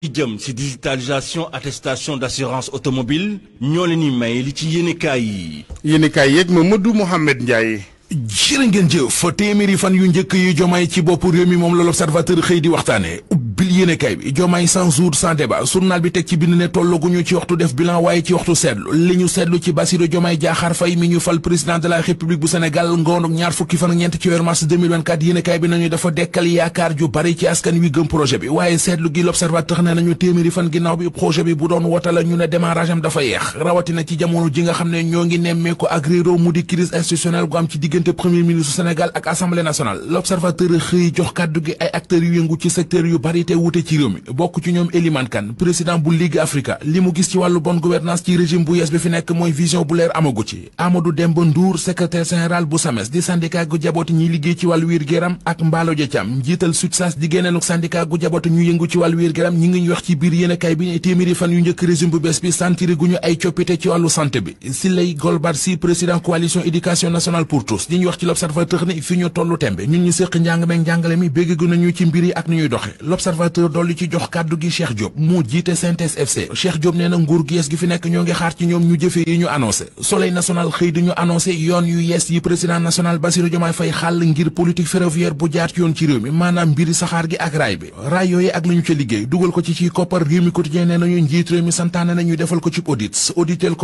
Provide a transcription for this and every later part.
ci jëm ci digitalisation attestation d'assurance automobile ñoo leen ni may li ci yéenekaay yi. yéenekaay Mohamed Mamadou Ndiaye. jërë ngeen jëf fa téeméeri fan yu njëkk yi jomaay ci bopp réew l'observateur xëy di yéenekaay bi Diomaye sans jour sans débat journal bi teg ci bind ne tolloguñu ci waxtu def bilan waaye ci waxtu seetlu li ñu seetlu ci Bassirou Diomaye Diakhar Faye mi ñu fal président de la République bu Sénégal ngoonuk ñaar fukki fan ñeent ci weer mars 2024 yéenekaay bi nañu dafa dekkal yaakaar ju bari ci askan wi gëm projet bi waaye seetlu gi L'Observateur ne nañu téeméeri fan ginnaaw bi projet bi bu doon wota la ne démarrage dafa yeex rawatina wute ci réew mi bokk ci ñoom Elimane Kane président bu Ligue Africa li mu gis ci wàllu bonne gouvernance ci régime bu yees bi fi nekk mooy vision bu leer amagu ci Amadou Demba Ndour secrétaire général bu SAMES di syndicat gu ñiy liggéey ci wàllu wér géram ak Mballo Dia njiital SUTSAS di génneelu syndicat ñu yëngu ci wàllu wér géram ñi ngi wax ci biir yéenekaay bi ne téeméeri fan yu njëkk régime bu bees bi santiri gu ñu ay coppite ci wàllu santé bi Siley te dolli ci jox kàddu gi Cheikh Diop moo jiite Synthèse FC Cheikh Diop nee na nguur gi yees gi fi nekk ñoo ngi xaar ci ñoom ñu jëfe yi ñu annoncé soleil national xëy di ñu annoncé yoon yu yees yi président national Bassirou Diomaye Faye xàll ngir politique ferroviaire bu jaar yoon ci réew mi maanaam mbiri saxaar gi ak raay bi raay yooyu ak la ca liggéey dugal ko ci ci koppar réew mi quotidien nee nañu njiit réew mi santaane nañu defal ko ci audit auditel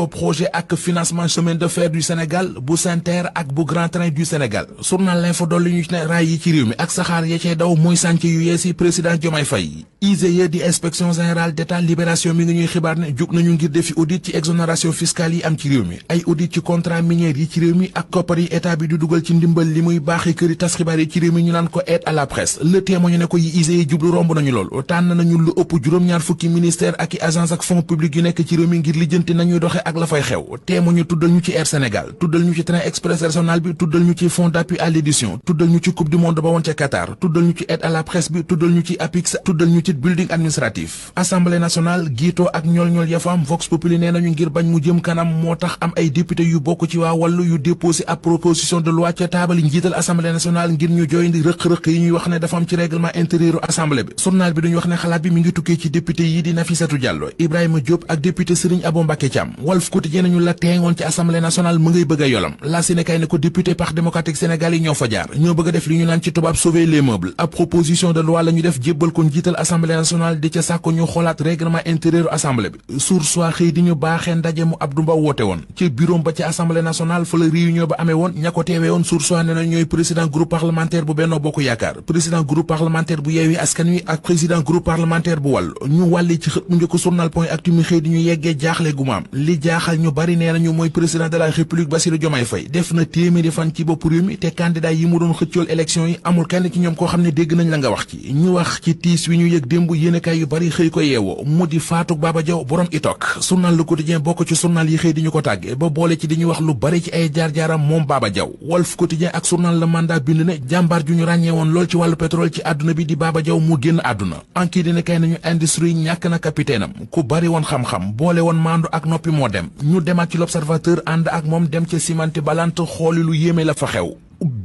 aí IGE di inspection générale d'état libération mi ngi ñuy xibaar ne juk nañu ngir défi audit ci exonération fiscale yi am ci réew mi ay audit ci contrat minier yi ci réew mi ak koppar yi état bi du duggal ci ndimbal li muy baaxee këri tass xibaar yi ci réew mi ñu nan ko aide à la presse le témoignage ne ko yi IGE jublu romb nañu lool otan nañu lu ëpp juróom-ñaar fukki ministère ak agence ak fonds public yu nekk ci réew mi ngir lijjanti nañu doxé ak la fay xew témoigne tuddal ñu ci Air Sénégal tuddal ñu ci train express régional bi tuddal ñu ci fonds d'appui à l'édition tuddal ñu ci coupe du monde ba won ci Qatar tuddal ñu ci aide à la presse bi tuddal ñu ci APIX tuddal ñu ci petite building administratif assemblée nationale giitoo ak ñool-ñool ya fa am vox populi nee nañu ngir bañ mu jëm kanam moo tax am ay député yu bokk ci waa wàllu yu déposé ab proposition de loi ca taabali njiital assemblée nationale ngir ñu jooyndi rëq-rëq yi ñuy wax ne dafa am ci règlement intérieur assemblée bi journal bi dañu wax ne xalaat bi mi ngi tukkee ci député yi di Nafissatou Diallo Ibrahima Diop ak député Serigne Abo Mbacké Thiam Walf Quotidien nañu la teengoon ci assemblée nationale mu ngay assemblée nationale di xëy di ñu baaxee ndaje mu Abdou Mbow woote woon ci bureau ba ci assemblée nationale fa la réunion ba amee woon ña ko teewee woon source ne na ñooy président groupe parlementaire bu Benno Bokk Yaakaar président groupe parlementaire bu Yewwi Askan Wi ak président groupe parlementaire bu Wallu ñu wàlli ci xët mu njëkk journal point actu mi xëy di ñu yeggee jaaxle gu maam li jaaxal ñu bari nee nañu mooy président de république Bassirou Diomaye Faye def démb yéenekaay yu bari xëy ko yeewoo mu di faatu Baba Jaw borom itok journal Le Quotidien bokk ci journal yi xëy di ñu ko tàgge ba boole ci di ñu wax lu bari ci ay jaar-jaaram moom Baba Jaw Walf Quotidien ak journal la Mandat bind ne jàmbaar ju ñu ràññee woon lool ci wàllu pétrole ci àdduna bi di Baba Jaw mu génn àdduna enquête dina kay nañu industrie ñàkk na capitaine am ku bari woon xam-xam boole woon maandu ak noppi moo dem ñu demaat ci L'Observateur ànd ak moom dem ca Simanti Balante xooli lu yéeme la fa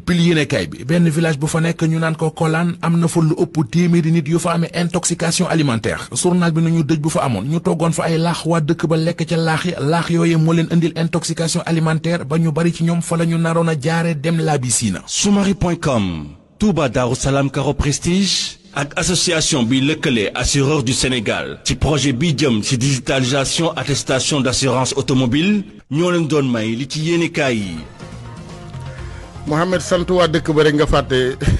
pil bi benn village bu fa nekk ñu naan ko kolaan am na fa lu ëpp téeméeri nit yu fa amee intoxication alimentaire journal bi nañu dëj bu fa amoon ñu toggoon fa ay laax waa dëkk ba lekk ca laax yi laax yooye moo leen indil intoxication alimentaire ba ñu bari ci ñoom fa la ñu naroon a jaare dem labisina sumari.com Touba Darou Salam Caro Prestige ak association bi lëkkale assureur du Sénégal ci projet bi jëm ci digitalisation attestation d'assurance automobile ñoo leen doon may li ci yéenekaay yi Mouhamed sant waa dëkk ba nga fàtte